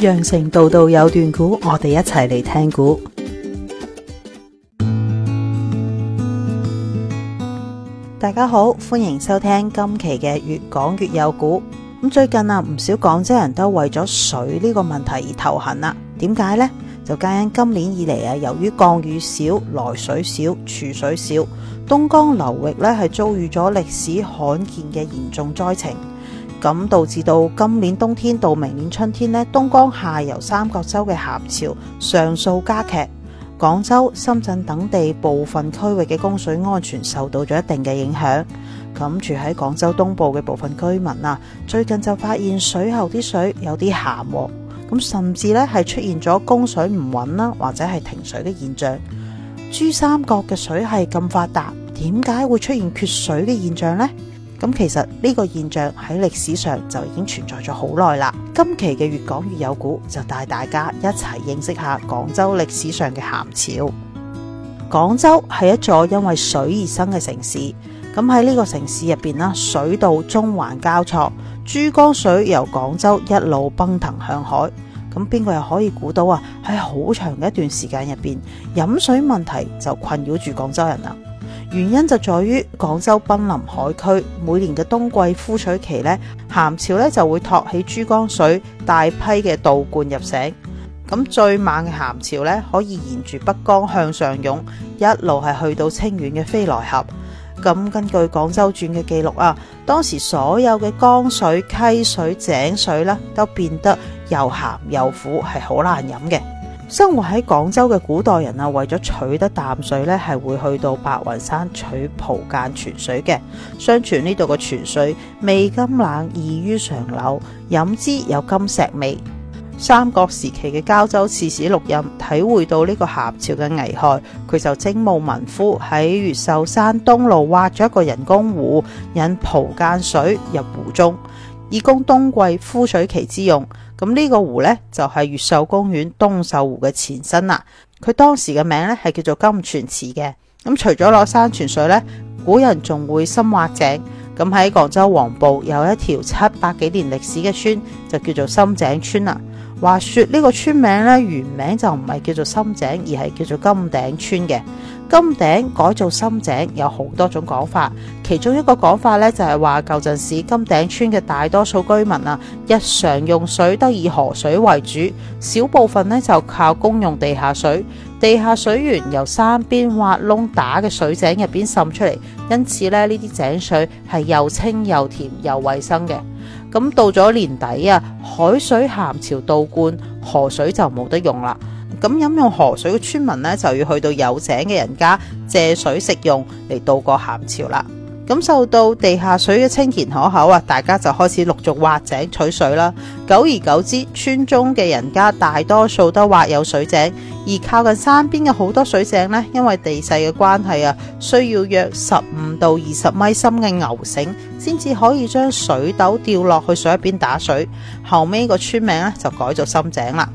羊城道道有段古，我哋一齊嚟聽古。大家好，歡迎收聽今期嘅粵講粵有古。咁最近啊，唔少廣州人都為咗水呢個問題而頭痕啦。點解呢？就皆因今年以嚟啊，由於降雨少、來水少、儲水少，東江流域咧係遭遇咗歷史罕見嘅嚴重災情。咁導致到今年冬天到明年春天呢東江下游三角洲嘅咸潮上溯加劇，廣州、深圳等地部分區域嘅供水安全受到咗一定嘅影響。咁住喺廣州東部嘅部分居民啊，最近就發現水喉啲水有啲咸，咁甚至呢係出現咗供水唔穩啦，或者係停水嘅現象。珠三角嘅水係咁發達，點解會出現缺水嘅現象呢？咁其實呢個現象喺歷史上就已經存在咗好耐啦。今期嘅粵講粵有古就帶大家一齊認識下廣州歷史上嘅鹹潮。廣州係一座因為水而生嘅城市。咁喺呢個城市入邊啦，水道縱橫交錯，珠江水由廣州一路奔騰向海。咁邊個又可以估到啊？喺好長嘅一段時間入邊，飲水問題就困擾住廣州人啦。原因就在於廣州瀕臨海區，每年嘅冬季枯水期咧，鹹潮咧就會托起珠江水，大批嘅倒灌入城。咁最猛嘅鹹潮咧，可以沿住北江向上湧，一路係去到清遠嘅飛來峽。咁根據《廣州傳》嘅記錄啊，當時所有嘅江水、溪水、井水咧，都變得又鹹又苦，係好難飲嘅。生活喺廣州嘅古代人啊，為咗取得淡水咧，係會去到白雲山取蒲澗泉水嘅。相傳呢度嘅泉水味甘冷，異於常流，飲之有金石味。三國時期嘅交州刺史陸胤體會到呢個鹹潮嘅危害，佢就徵募民夫喺越秀山東麓挖咗一個人工湖，引蒲澗水入湖中。以供冬季枯水期之用，咁、這、呢個湖呢，就係越秀公園東秀湖嘅前身啦。佢當時嘅名呢，係叫做甘泉池嘅。咁除咗攞山泉水呢，古人仲會深挖井。咁喺廣州黃埔有一條七百幾年歷史嘅村就叫做深井村啦。話說呢個村名呢，原名就唔係叫做深井，而係叫做金鼎村嘅。金鼎改造深井有好多種講法，其中一個講法咧，就係話，舊陣時金鼎村嘅大多數居民啊，日常用水都以河水為主，小部分咧，就靠公用地下水。地下水源由山邊挖窿打嘅水井入邊滲出嚟，因此咧，呢啲井水係又清又甜又衛生嘅。咁到咗年底啊，海水鹹潮倒灌，河水就冇得用啦。咁飲用河水嘅村民咧，就要去到有井嘅人家借水食用嚟渡過鹹潮啦。感受到地下水嘅清甜可口啊，大家就開始陸續挖井取水啦。久而久之，村中嘅人家大多數都挖有水井，而靠近山邊嘅好多水井咧，因為地勢嘅關係啊，需要約十五到二十米深嘅牛繩，先至可以將水斗掉落去水入邊打水。後尾個村名咧就改做深井啦。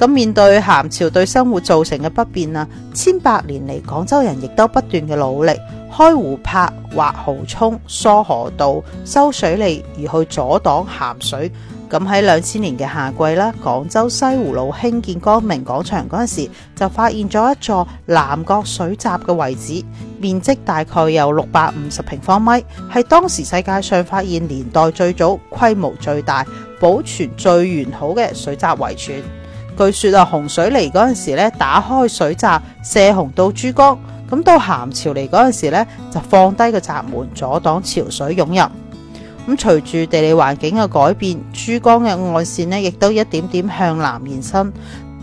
咁面對鹹潮對生活造成嘅不便啊，千百年嚟，廣州人亦都不斷嘅努力開湖泊、挖濠涌、疏河道、修水利，而去阻擋鹹水。咁喺兩千年嘅夏季啦，廣州西湖路興建光明廣場嗰陣時，就發現咗一座南越國水閘嘅位置，面積大概有六百五十平方米，係當時世界上發現年代最早、規模最大、保存最完好嘅水閘遺存。據說啊，洪水嚟嗰陣時咧，打開水閘泄洪到珠江；咁到咸潮嚟嗰陣時咧，就放低個閘門，阻擋潮水湧入。咁隨住地理環境嘅改變，珠江嘅岸線呢亦都一點點向南延伸，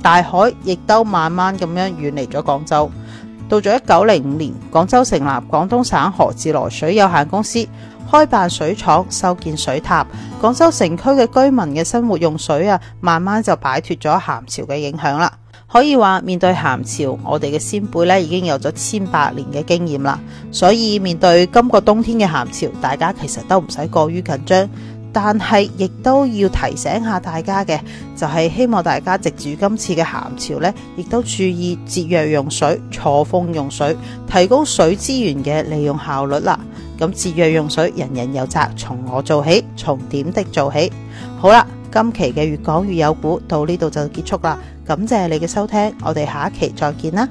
大海亦都慢慢咁樣遠離咗廣州。到咗一九零五年，廣州成立廣東省河自來水有限公司。開辦水廠、修建水塔，廣州城區嘅居民嘅生活用水啊，慢慢就擺脫咗咸潮嘅影響啦。可以話，面對咸潮，我哋嘅先輩咧已經有咗千百年嘅經驗啦。所以面對今個冬天嘅咸潮，大家其實都唔使過於緊張，但係亦都要提醒下大家嘅，就係希望大家藉住今次嘅咸潮咧，亦都注意節約用水、錯峰用水，提高水資源嘅利用效率啦。咁節約用水，人人有責，從我做起，從點滴做起。好啦，今期嘅粵講粵有古到呢度就結束啦，感謝你嘅收聽，我哋下一期再見啦。